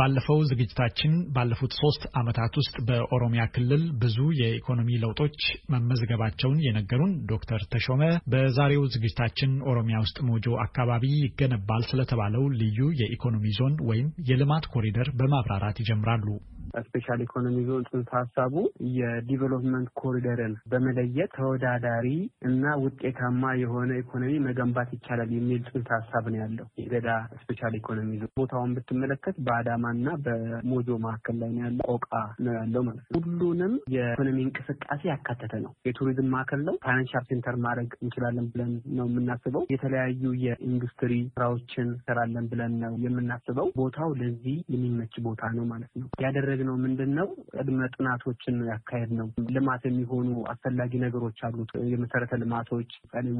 ባለፈው ዝግጅታችን ባለፉት ሶስት ዓመታት ውስጥ በኦሮሚያ ክልል ብዙ የኢኮኖሚ ለውጦች መመዝገባቸውን የነገሩን ዶክተር ተሾመ በዛሬው ዝግጅታችን ኦሮሚያ ውስጥ ሞጆ አካባቢ ይገነባል ስለተባለው ልዩ የኢኮኖሚ ዞን ወይም የልማት ኮሪደር በማብራራት ይጀምራሉ። ስፔሻል ኢኮኖሚ ዞን ጽንሰ ሀሳቡ የዲቨሎፕመንት ኮሪደርን በመለየት ተወዳዳሪ እና ውጤታማ የሆነ ኢኮኖሚ መገንባት ይቻላል የሚል ጽንሰ ሀሳብ ነው ያለው የገዳ ስፔሻል ኢኮኖሚ ዞን። ቦታውን ብትመለከት በአዳማና በሞጆ መካከል ላይ ነው ያለው። ቆቃ ነው ያለው ማለት ነው። ሁሉንም የኢኮኖሚ እንቅስቃሴ ያካተተ ነው። የቱሪዝም ማዕከል ነው። ፋይናንሻል ሴንተር ማድረግ እንችላለን ብለን ነው የምናስበው። የተለያዩ የኢንዱስትሪ ስራዎችን እንሰራለን ብለን ነው የምናስበው። ቦታው ለዚህ የሚመች ቦታ ነው ማለት ነው ያደረገ ያደረግነው ምንድን ነው ቅድመ ጥናቶችን ያካሄድ ነው። ልማት የሚሆኑ አስፈላጊ ነገሮች አሉት። የመሰረተ ልማቶች፣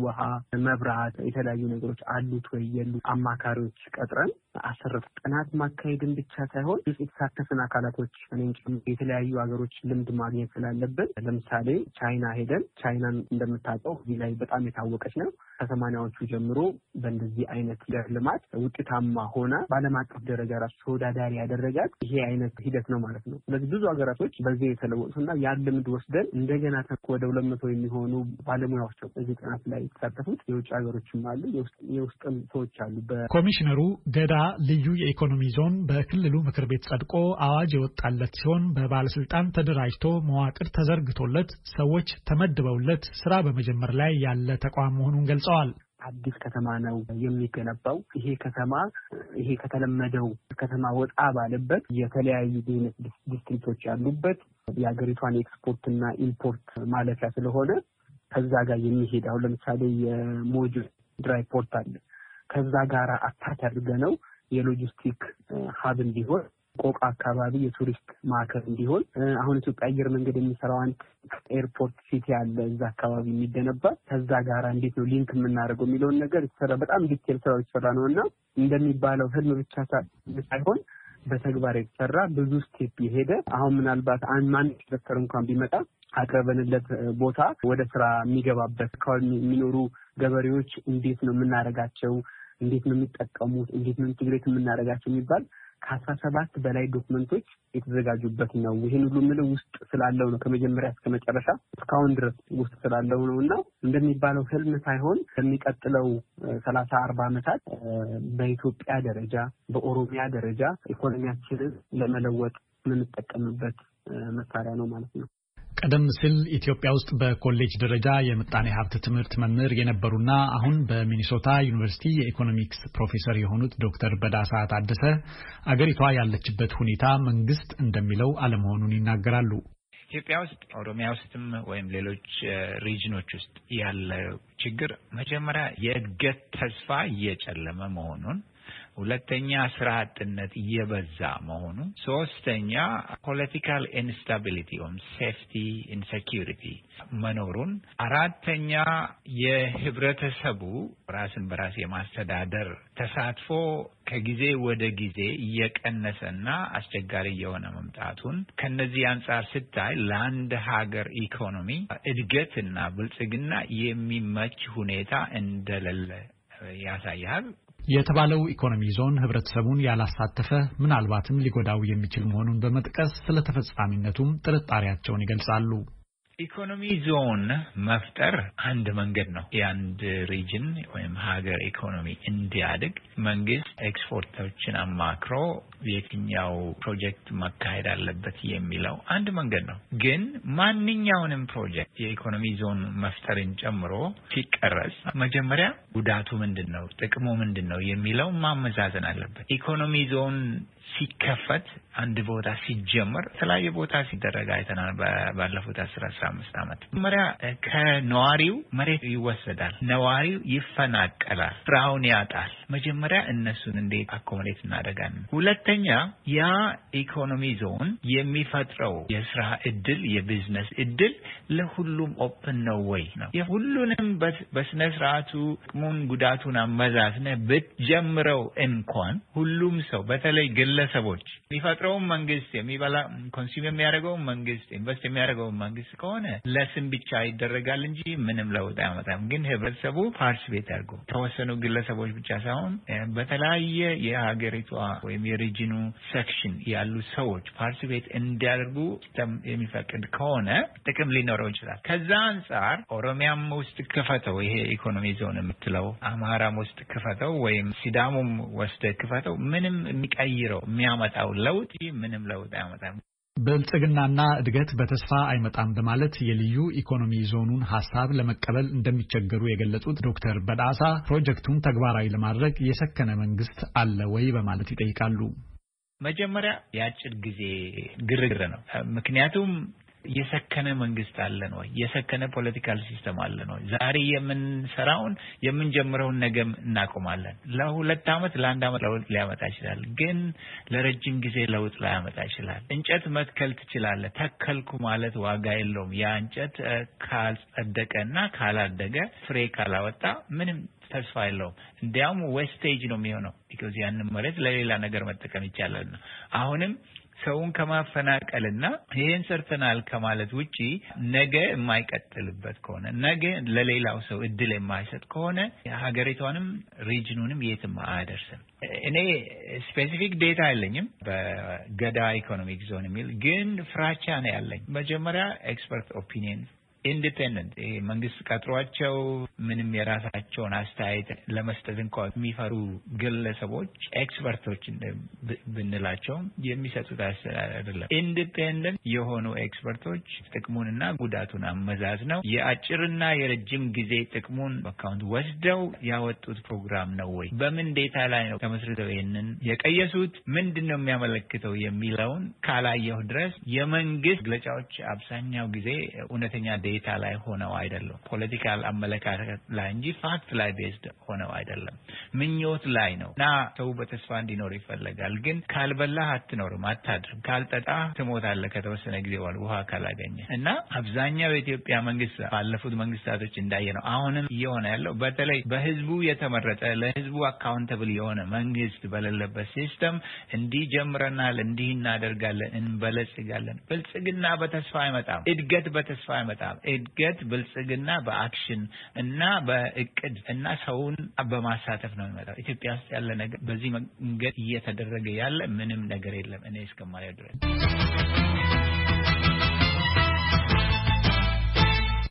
ውሃ፣ መብራት፣ የተለያዩ ነገሮች አሉት ወይ የሉ አማካሪዎች ቀጥረን አሰረፍ ጥናት ማካሄድን ብቻ ሳይሆን የተሳተፍን አካላቶች እኔም የተለያዩ ሀገሮች ልምድ ማግኘት ስላለብን ለምሳሌ ቻይና ሄደን ቻይናን እንደምታውቀው እዚህ ላይ በጣም የታወቀች ነው። ከሰማኒያዎቹ ጀምሮ በእንደዚህ አይነት ልማት ውጤታማ ሆና በዓለም አቀፍ ደረጃ ራሱ ተወዳዳሪ ያደረጋት ይሄ አይነት ሂደት ነው። ማለት ነው። ስለዚህ ብዙ ሀገራቶች በዚህ የተለወጡትና ያን ልምድ ወስደን እንደገና ተኮ ወደ ሁለት መቶ የሚሆኑ ባለሙያዎች ነው በዚህ ጥናት ላይ የተሳተፉት። የውጭ ሀገሮችም አሉ፣ የውስጥም ሰዎች አሉ። ኮሚሽነሩ ገዳ ልዩ የኢኮኖሚ ዞን በክልሉ ምክር ቤት ጸድቆ አዋጅ የወጣለት ሲሆን በባለስልጣን ተደራጅቶ መዋቅር ተዘርግቶለት ሰዎች ተመድበውለት ስራ በመጀመር ላይ ያለ ተቋም መሆኑን ገልጸዋል። አዲስ ከተማ ነው የሚገነባው። ይሄ ከተማ ይሄ ከተለመደው ከተማ ወጣ ባለበት የተለያዩ ቢዝነስ ዲስትሪክቶች ያሉበት የሀገሪቷን ኤክስፖርትና ኢምፖርት ማለፊያ ስለሆነ ከዛ ጋር የሚሄድ አሁን ለምሳሌ የሞጆ ድራይ ፖርት አለ። ከዛ ጋር አታች አድርገ ነው የሎጂስቲክ ሀብ እንዲሆን ቆቃ አካባቢ የቱሪስት ማዕከል እንዲሆን አሁን ኢትዮጵያ አየር መንገድ የሚሰራው አንድ ኤርፖርት ሲቲ አለ እዛ አካባቢ የሚገነባ ከዛ ጋር እንዴት ነው ሊንክ የምናደርገው የሚለውን ነገር የተሰራ በጣም ዲቴል ስራ የተሰራ ነው እና እንደሚባለው ህልም ብቻ ሳይሆን በተግባር የተሰራ ብዙ ስቴፕ የሄደ አሁን ምናልባት ማንም ኢንስትራክተር እንኳን ቢመጣ አቅርበንለት ቦታ ወደ ስራ የሚገባበት አካባቢ የሚኖሩ ገበሬዎች እንዴት ነው የምናደርጋቸው እንዴት ነው የሚጠቀሙት እንዴት ነው ኢንትግሬት የምናደርጋቸው የሚባል ከአስራ ሰባት በላይ ዶክመንቶች የተዘጋጁበት ነው። ይህን ሁሉ ምል ውስጥ ስላለው ነው። ከመጀመሪያ እስከ መጨረሻ እስካሁን ድረስ ውስጥ ስላለው ነው እና እንደሚባለው ህልም ሳይሆን ከሚቀጥለው ሰላሳ አርባ ዓመታት በኢትዮጵያ ደረጃ በኦሮሚያ ደረጃ ኢኮኖሚያችንን ለመለወጥ የምንጠቀምበት መሳሪያ ነው ማለት ነው። ቀደም ሲል ኢትዮጵያ ውስጥ በኮሌጅ ደረጃ የምጣኔ ሀብት ትምህርት መምህር የነበሩና አሁን በሚኒሶታ ዩኒቨርሲቲ የኢኮኖሚክስ ፕሮፌሰር የሆኑት ዶክተር በዳሳ ታደሰ አገሪቷ ያለችበት ሁኔታ መንግስት እንደሚለው አለመሆኑን ይናገራሉ። ኢትዮጵያ ውስጥ ኦሮሚያ ውስጥም ወይም ሌሎች ሪጅኖች ውስጥ ያለው ችግር መጀመሪያ የእድገት ተስፋ እየጨለመ መሆኑን ሁለተኛ ስራ አጥነት እየበዛ መሆኑ፣ ሶስተኛ ፖለቲካል ኢንስታቢሊቲ ወይም ሴፍቲ ኢንሴኪሪቲ መኖሩን፣ አራተኛ የህብረተሰቡ ራስን በራስ የማስተዳደር ተሳትፎ ከጊዜ ወደ ጊዜ እየቀነሰና አስቸጋሪ እየሆነ መምጣቱን ከነዚህ አንጻር ስታይ ለአንድ ሀገር ኢኮኖሚ እድገትና ብልጽግና የሚመች ሁኔታ እንደሌለ ያሳያል። የተባለው ኢኮኖሚ ዞን ህብረተሰቡን ያላሳተፈ ምናልባትም ሊጎዳው የሚችል መሆኑን በመጥቀስ ስለ ተፈጻሚነቱም ጥርጣሬያቸውን ይገልጻሉ። ኢኮኖሚ ዞን መፍጠር አንድ መንገድ ነው። የአንድ ሪጅን ወይም ሀገር ኢኮኖሚ እንዲያድግ መንግስት ኤክስፖርተሮችን አማክሮ የትኛው ፕሮጀክት መካሄድ አለበት የሚለው አንድ መንገድ ነው። ግን ማንኛውንም ፕሮጀክት የኢኮኖሚ ዞን መፍጠርን ጨምሮ ሲቀረጽ መጀመሪያ ጉዳቱ ምንድን ነው፣ ጥቅሙ ምንድን ነው የሚለው ማመዛዘን አለበት። ኢኮኖሚ ዞን ሲከፈት አንድ ቦታ ሲጀመር የተለያዩ ቦታ ሲደረግ አይተናል። ባለፉት አስር አስራ አምስት ዓመት መጀመሪያ ከነዋሪው መሬት ይወሰዳል፣ ነዋሪው ይፈናቀላል፣ ስራውን ያጣል። መጀመሪያ እነሱን እንዴት አኮሞዴት እናደርጋለን? ሁለተኛ ያ ኢኮኖሚ ዞን የሚፈጥረው የስራ እድል የቢዝነስ እድል ለሁሉም ኦፕን ነው ወይ ነው የሁሉንም በስነ ስርዓቱ ጥቅሙን ጉዳቱን አመዛዝነ ብትጀምረው እንኳን ሁሉም ሰው በተለይ ግል ግለሰቦች የሚፈጥረውን መንግስት የሚበላ ኮንሱም የሚያደርገውን መንግስት ኢንቨስት የሚያደርገውን መንግስት ከሆነ ለስም ብቻ ይደረጋል እንጂ ምንም ለውጥ አያመጣም። ግን ህብረተሰቡ ፓርቲስፔት አድርጎ ተወሰኑ ግለሰቦች ብቻ ሳይሆን በተለያየ የሀገሪቷ ወይም የሪጅኑ ሴክሽን ያሉ ሰዎች ፓርቲስፔት እንዲያደርጉ የሚፈቅድ ከሆነ ጥቅም ሊኖረው ይችላል። ከዛ አንጻር ኦሮሚያም ውስጥ ክፈተው ይሄ ኢኮኖሚ ዞን የምትለው አማራም ውስጥ ክፈተው ወይም ሲዳሙም ወስደ ክፈተው ምንም የሚቀይረው ነው የሚያመጣው ለውጥ ምንም ለውጥ አያመጣም። ብልጽግናና እድገት በተስፋ አይመጣም በማለት የልዩ ኢኮኖሚ ዞኑን ሀሳብ ለመቀበል እንደሚቸገሩ የገለጹት ዶክተር በዳሳ ፕሮጀክቱን ተግባራዊ ለማድረግ የሰከነ መንግስት አለ ወይ በማለት ይጠይቃሉ። መጀመሪያ የአጭር ጊዜ ግርግር ነው። ምክንያቱም የሰከነ መንግስት አለን ወይ? የሰከነ ፖለቲካል ሲስተም አለን ወይ? ዛሬ የምንሰራውን የምንጀምረውን ነገም እናቆማለን። ለሁለት ዓመት ለአንድ ዓመት ለውጥ ሊያመጣ ይችላል፣ ግን ለረጅም ጊዜ ለውጥ ላያመጣ ይችላል። እንጨት መትከል ትችላለህ። ተከልኩ ማለት ዋጋ የለውም። ያ እንጨት ካልጸደቀ እና ካላደገ ፍሬ ካላወጣ ምንም ተስፋ የለውም። እንዲያውም ዌስቴጅ ነው የሚሆነው። ቢኮዝ ያንን መሬት ለሌላ ነገር መጠቀም ይቻላል ነው አሁንም ሰውን ከማፈናቀልና ይህን ሰርተናል ከማለት ውጪ ነገ የማይቀጥልበት ከሆነ ነገ ለሌላው ሰው እድል የማይሰጥ ከሆነ ሀገሪቷንም ሪጅኑንም የትም አያደርስም። እኔ ስፔሲፊክ ዴታ አለኝም በገዳ ኢኮኖሚክ ዞን የሚል ግን ፍራቻ ነው ያለኝ። መጀመሪያ ኤክስፐርት ኦፒኒየን ኢንዲፔንደንት eh, መንግስት ቀጥሯቸው ምንም የራሳቸውን አስተያየት ለመስጠት እንኳ የሚፈሩ ግለሰቦች ኤክስፐርቶች ብንላቸውም የሚሰጡት አስተያየት አይደለም። ኢንዲፔንደንት የሆኑ ኤክስፐርቶች ጥቅሙንና ጉዳቱን አመዛዝ ነው የአጭርና የረጅም ጊዜ ጥቅሙን አካውንት ወስደው ያወጡት ፕሮግራም ነው ወይ በምን ዴታ ላይ ነው ተመስርተው ይህንን የቀየሱት ምንድን ነው የሚያመለክተው የሚለውን ካላየሁ ድረስ የመንግስት መግለጫዎች አብዛኛው ጊዜ እውነተኛ ዴታ ላይ ሆነው አይደለም፣ ፖለቲካል አመለካከት ላይ እንጂ ፋክት ላይ ቤዝድ ሆነው አይደለም፣ ምኞት ላይ ነው እና ሰው በተስፋ እንዲኖር ይፈለጋል። ግን ካልበላህ አትኖርም፣ አታድርም፣ ካልጠጣ ትሞታለህ ከተወሰነ ጊዜ በኋላ ውሃ ካላገኘ እና አብዛኛው የኢትዮጵያ መንግስት ባለፉት መንግስታቶች እንዳየ ነው አሁንም እየሆነ ያለው በተለይ በህዝቡ የተመረጠ ለህዝቡ አካውንተብል የሆነ መንግስት በሌለበት ሲስተም እንዲህ ጀምረናል፣ እንዲህ እናደርጋለን፣ እንበለጽጋለን። ብልጽግና በተስፋ አይመጣም። እድገት በተስፋ አይመጣም። እድገት ብልጽግና በአክሽን እና በእቅድ እና ሰውን በማሳተፍ ነው የሚመጣው። ኢትዮጵያ ውስጥ ያለ ነገር በዚህ መንገድ እየተደረገ ያለ ምንም ነገር የለም እኔ እስከማየው ድረስ